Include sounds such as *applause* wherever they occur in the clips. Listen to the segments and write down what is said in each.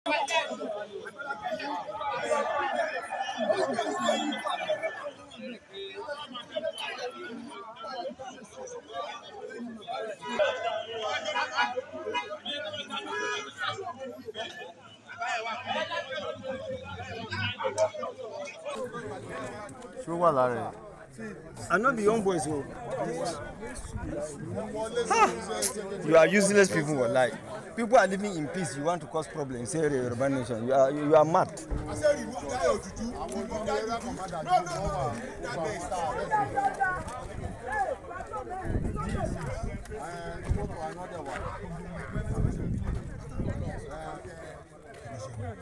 ṣó wà lára ẹ. I'm not the young boys o. Oh. So. You are useless people for life people are living in peace you want to cause problems Say, in Yoruba nation you are you are mad.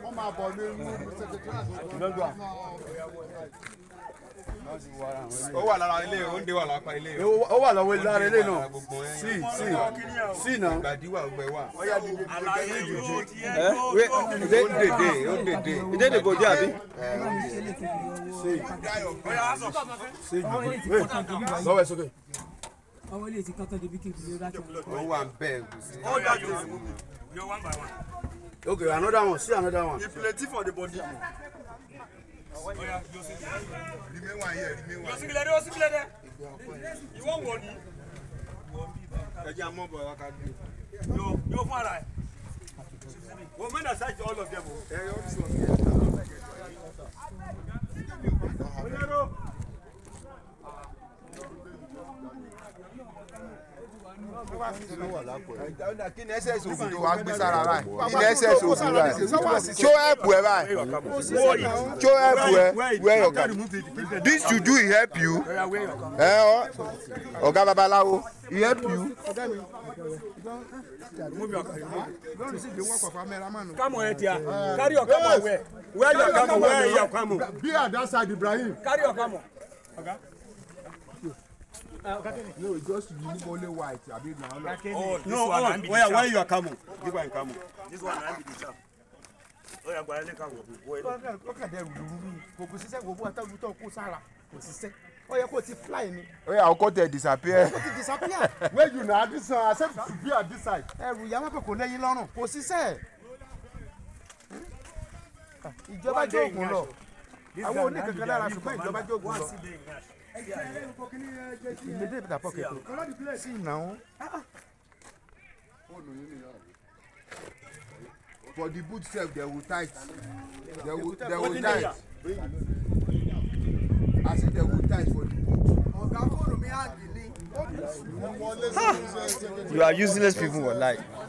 wọ́n bọ̀ ní inú secretariat ó wà lára ilé ó ń dé wà lápá ilé ó wà lọ́wọ́ lára ilé náà sí sí sí náà ìgbàdí wà gbẹ wà. àlàyé ìjòjì ẹ ó dèdè ó dèdè ìdèdè kò jẹ́ àbí. sí sí lọ́wọ́ ẹ sókè ọwọ́ ilé ti kọ́tọ́ débi kí n lè bá tẹ̀lé. ó wà bẹ́ẹ̀ kò sí. ó yà jù yọ one by one. okay another one see another one. he plenty for the body yeah, one here, remain one. Yosingi lede, Yosingi lede. Ìwọ wo ni? Ẹja mọ bọ̀ wá ká gbé. Yóò yóò fún ara ẹ̀. Wọ́n mẹ́ta ṣáàjì all of them o. Ẹ yọ ọ́ sọ̀rọ̀. Olóró. kí ni ẹsẹ̀ ìṣòwò tó gbé sára báyìí kí ni ẹsẹ̀ ìṣòwò tó wá ṣó ẹ báyìí ṣó ẹ̀pù ẹ wear your this juju do e help you ẹ ọ ọ̀gá babaláwo e help you. Come on, Etia. Carry your camel where? Where your camel? Where your camel? Be at Ibrahim. Carry your camel. No, just remove only white. I mean, now. Oh, no, one oh, where, where you are coming? Give one coming. This one, I'm the chap. ó yà gbàlẹ́ ká wò ó. ó kà dẹrù lùrù kò kò síṣẹ́ gbogbo àtàwùjọ tó kó sára kò síṣẹ́ ó yẹ kó ti fly ni. ó yà ọkọ tẹ disappear. ó ti disappear. *laughs* where you na this one accept to be at this side. ẹrù ìyá má pè kò lẹ́yìn lọ́rùn kò síṣẹ́. ìjọba jóògùn lọ àwọn oníkankan lára ṣùgbọ́n ìjọba jóògùn lọ. You made it with a pocket. See now. For the boot self, they will tight. They will, they will tight. I said they will tight for the boot. You are useless people, like.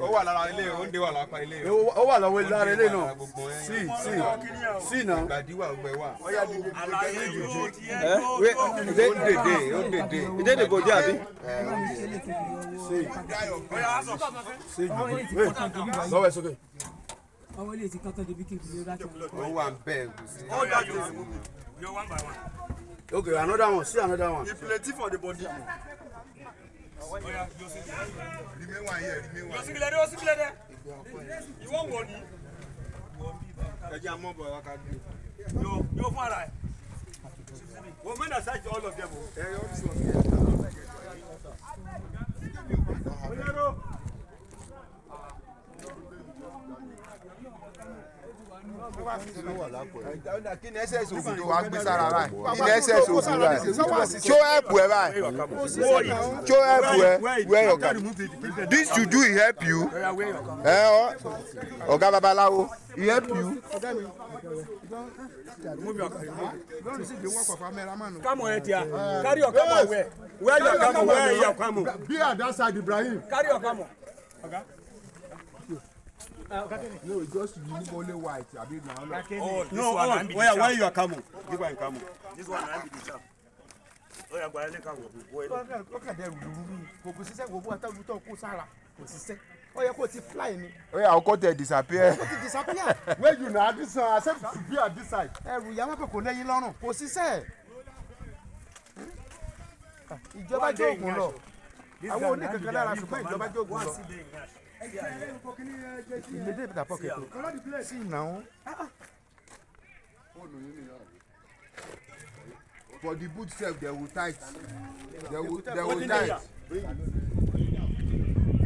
ó wà lára ilé ó wà lápá ilé ó wà lọ́wọ́ lára ilé náà sí sí sí náà. ìgbàdíwà ọgbẹ wà. àlàyé ìlú ti ẹ tó. ó ń dèdè ó ń dèdè. ìdè ìdìbò jẹ àbí. sí lọ́wọ́ ẹ sókè ọwọ́ ilé ti kọ́tọ́ débi kí n lè rájọ. ó wà bẹ́ẹ̀ kò sí. ó yà jù yọ one by one. okay another one see another one. he plenty for the body yeah, here, yosigilẹdẹ yosigilẹdẹ iwọ wọ ni. ẹjẹ amọ bọ wa ka gbé. yóò yóò fún ara ẹ. wọ́n mẹ́ta sáàjì ọlọ́dẹ bò. ẹ yọ ọ́ sọ fún mi. kí ni ẹsẹ̀ òkúdó wa gbé sára báyìí kí ni ẹsẹ̀ òkúdó wa tí ó ẹ báyìí tí ó ẹ wear your this you do help you ẹ ọ ọ̀gá babaláwo help you. Come on, Etia. Carry your camel. Where? Where your camel? Where your camel? Be at Ibrahim. Carry your camel. No, just remove only white. I mean, now. Oh, no, one, oh, where, where you are coming? This one coming. This one, I'm the chap. Oh, yeah, but I can't go. Okay, there we go. Go see, go go. I tell you, talk go Sarah. Go see. Oh, yeah, go see fly ni. Oh, yeah, go there disappear. Go there disappear. *laughs* Where you now? This one, except to be at this side. Eh, we are not going to let you Go see, sir. Ìjọba jókòó lọ. Àwọn oníkankan lára ṣùgbọ́n ìjọba jókòó You made it with a pocket. Color the no, For the boot self, they will tight. They will, they will tight.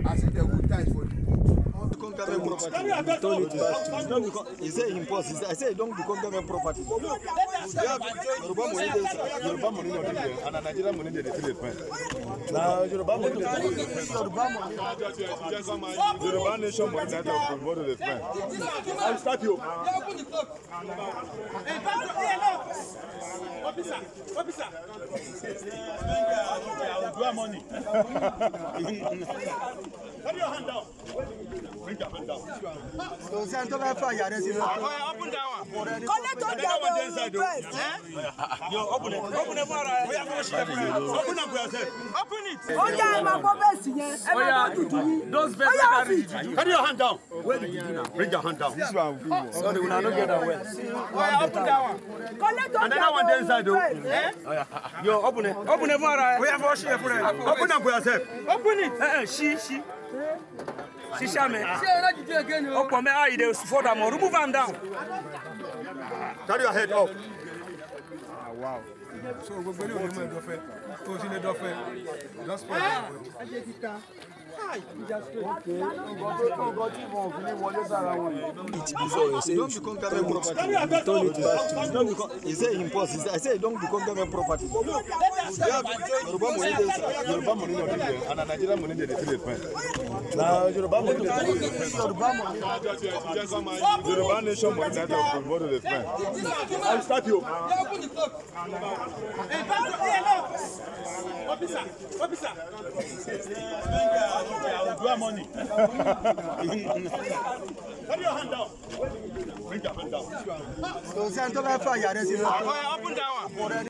I said they will tight for the boot become government property. You told it He said He said, I said don't become government property. Yoruba money dey Yoruba money no dey there and na Nigeria money dey dey still dey spend. Na Yoruba money dey spend. Yoruba money. Yoruba nation money dey there for border dey spend. I start you. Officer, officer. I will do money. Put your hand down. Bring your hand down. So send to fire. There's no. Open that one. Collect on that one. Eh? Ah, ah, ah. Yo, open it. Open it for us. We are going to share. Open it for us. Open it. Oh yeah, my brothers here. Oh yeah. Those best are ready. Put your hand down. Bring your hand down. This one. Oh, sorry, we are not get that well. Oh yeah, open that one. Collect on that one. Another one inside. Eh? Oh yeah. Yo, open it. Open it for us. We are going to share. Open it for us. Open it. Eh, eh she, she. Shisha man. Open my eye, they for them. Remove them down. Carry your head up. Ah, wow. So, we're going to do it. it. Just for eh? It before you say you should turn it, turn it back to you. He said import. I said don't become government property. Yoruba money dey Yoruba money no dey there and Nigeria money dey dey feel Na Yoruba money dey feel Yoruba money Yoruba nation money na dey feel it fine. I start you. Officer, officer. I will draw money. Put your hand down. Bring your hand down. So, Santo, I'm fire. Open that one.